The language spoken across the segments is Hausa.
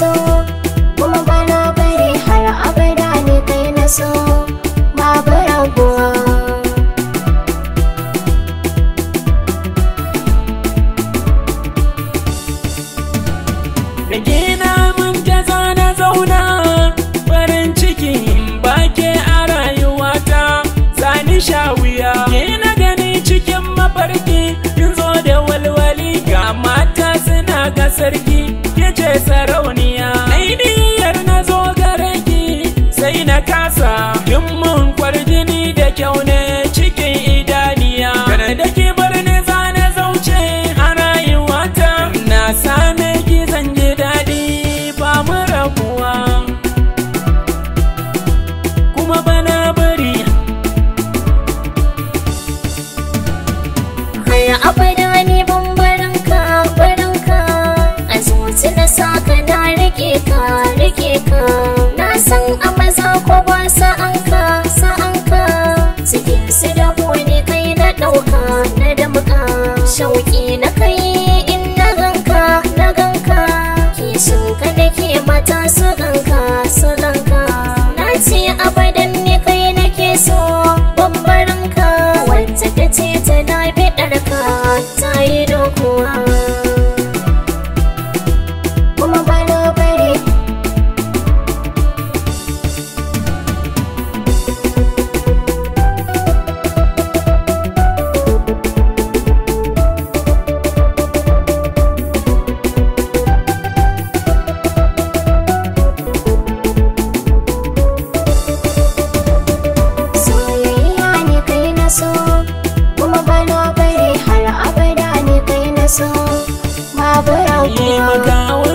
so kuma bana bari har abada ne kai na so babu raguwa Rage mun jaza na zauna farin ciki bake a rayuwata zani sha wuya ke na gani cikin mafarki kin zo da walwali ga mata suna ga sarki ke ce my madawa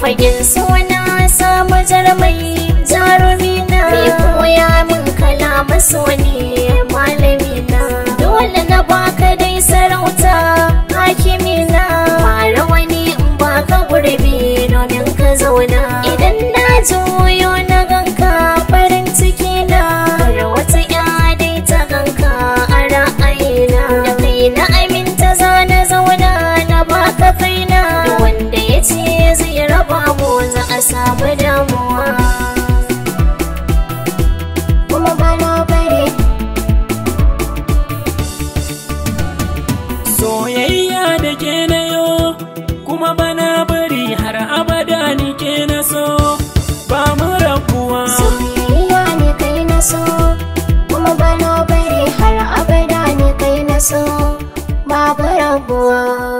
fagen suna samu jarumai jarumi na mai koya 过。